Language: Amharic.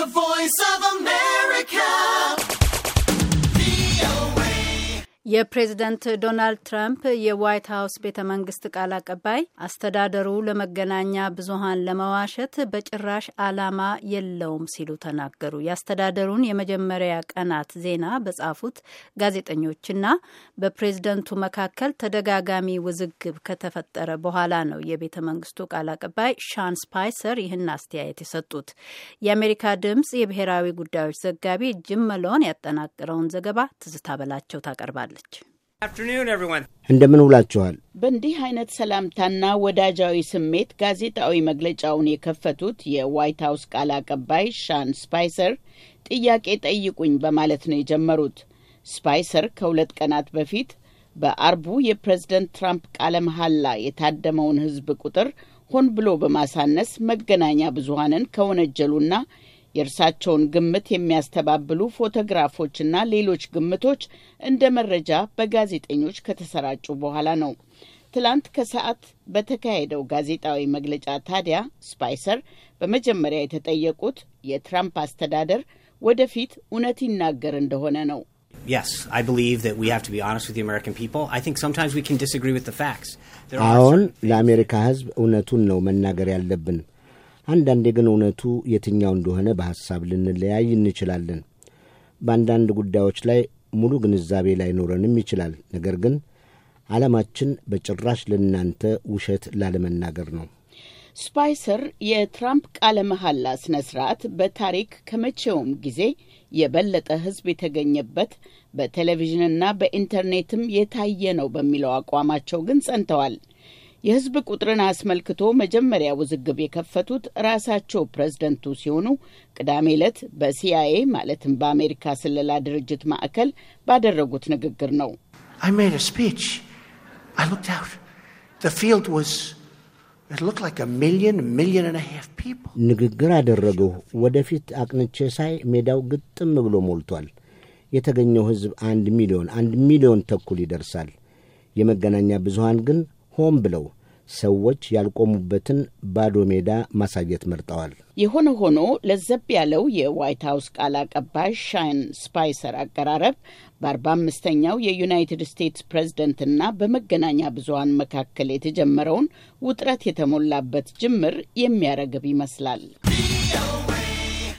The voice of a man. የፕሬዝደንት ዶናልድ ትራምፕ የዋይት ሀውስ ቤተ መንግስት ቃል አቀባይ አስተዳደሩ ለመገናኛ ብዙሀን ለመዋሸት በጭራሽ አላማ የለውም ሲሉ ተናገሩ። የአስተዳደሩን የመጀመሪያ ቀናት ዜና በጻፉት ጋዜጠኞችና በፕሬዝደንቱ መካከል ተደጋጋሚ ውዝግብ ከተፈጠረ በኋላ ነው የቤተ መንግስቱ ቃል አቀባይ ሻን ስፓይሰር ይህን አስተያየት የሰጡት። የአሜሪካ ድምጽ የብሔራዊ ጉዳዮች ዘጋቢ ጅም መሎን ያጠናቀረውን ዘገባ ትዝታ በላቸው ታቀርባለች። ትላለች። እንደምን ውላችኋል። በእንዲህ አይነት ሰላምታና ወዳጃዊ ስሜት ጋዜጣዊ መግለጫውን የከፈቱት የዋይት ሀውስ ቃል አቀባይ ሻን ስፓይሰር ጥያቄ ጠይቁኝ በማለት ነው የጀመሩት። ስፓይሰር ከሁለት ቀናት በፊት በአርቡ የፕሬዝደንት ትራምፕ ቃለ መሐላ የታደመውን ሕዝብ ቁጥር ሆን ብሎ በማሳነስ መገናኛ ብዙኃንን ከወነጀሉና የእርሳቸውን ግምት የሚያስተባብሉ ፎቶግራፎችና ሌሎች ግምቶች እንደ መረጃ በጋዜጠኞች ከተሰራጩ በኋላ ነው። ትላንት ከሰዓት በተካሄደው ጋዜጣዊ መግለጫ ታዲያ ስፓይሰር በመጀመሪያ የተጠየቁት የትራምፕ አስተዳደር ወደፊት እውነት ይናገር እንደሆነ ነው። አዎን፣ ለአሜሪካ ሕዝብ እውነቱን ነው መናገር ያለብን። አንዳንዴ ግን እውነቱ የትኛው እንደሆነ በሐሳብ ልንለያይ እንችላለን። በአንዳንድ ጉዳዮች ላይ ሙሉ ግንዛቤ ላይኖረንም ይችላል። ነገር ግን ዓላማችን በጭራሽ ለእናንተ ውሸት ላለመናገር ነው። ስፓይሰር የትራምፕ ቃለ መሐላ ስነ ስርዓት በታሪክ ከመቼውም ጊዜ የበለጠ ሕዝብ የተገኘበት በቴሌቪዥንና በኢንተርኔትም የታየ ነው በሚለው አቋማቸው ግን ጸንተዋል። የህዝብ ቁጥርን አስመልክቶ መጀመሪያ ውዝግብ የከፈቱት ራሳቸው ፕሬዝደንቱ ሲሆኑ ቅዳሜ ዕለት በሲአይኤ ማለትም በአሜሪካ ስለላ ድርጅት ማዕከል ባደረጉት ንግግር ነው። ንግግር አደረግሁ። ወደፊት አቅንቼ ሳይ ሜዳው ግጥም ብሎ ሞልቷል። የተገኘው ህዝብ አንድ ሚሊዮን አንድ ሚሊዮን ተኩል ይደርሳል። የመገናኛ ብዙሃን ግን ሆን ብለው ሰዎች ያልቆሙበትን ባዶ ሜዳ ማሳየት መርጠዋል። የሆነ ሆኖ ለዘብ ያለው የዋይት ሀውስ ቃል አቀባይ ሻይን ስፓይሰር አቀራረብ በአርባ አምስተኛው የዩናይትድ ስቴትስ ፕሬዝደንትና በመገናኛ ብዙሀን መካከል የተጀመረውን ውጥረት የተሞላበት ጅምር የሚያረግብ ይመስላል።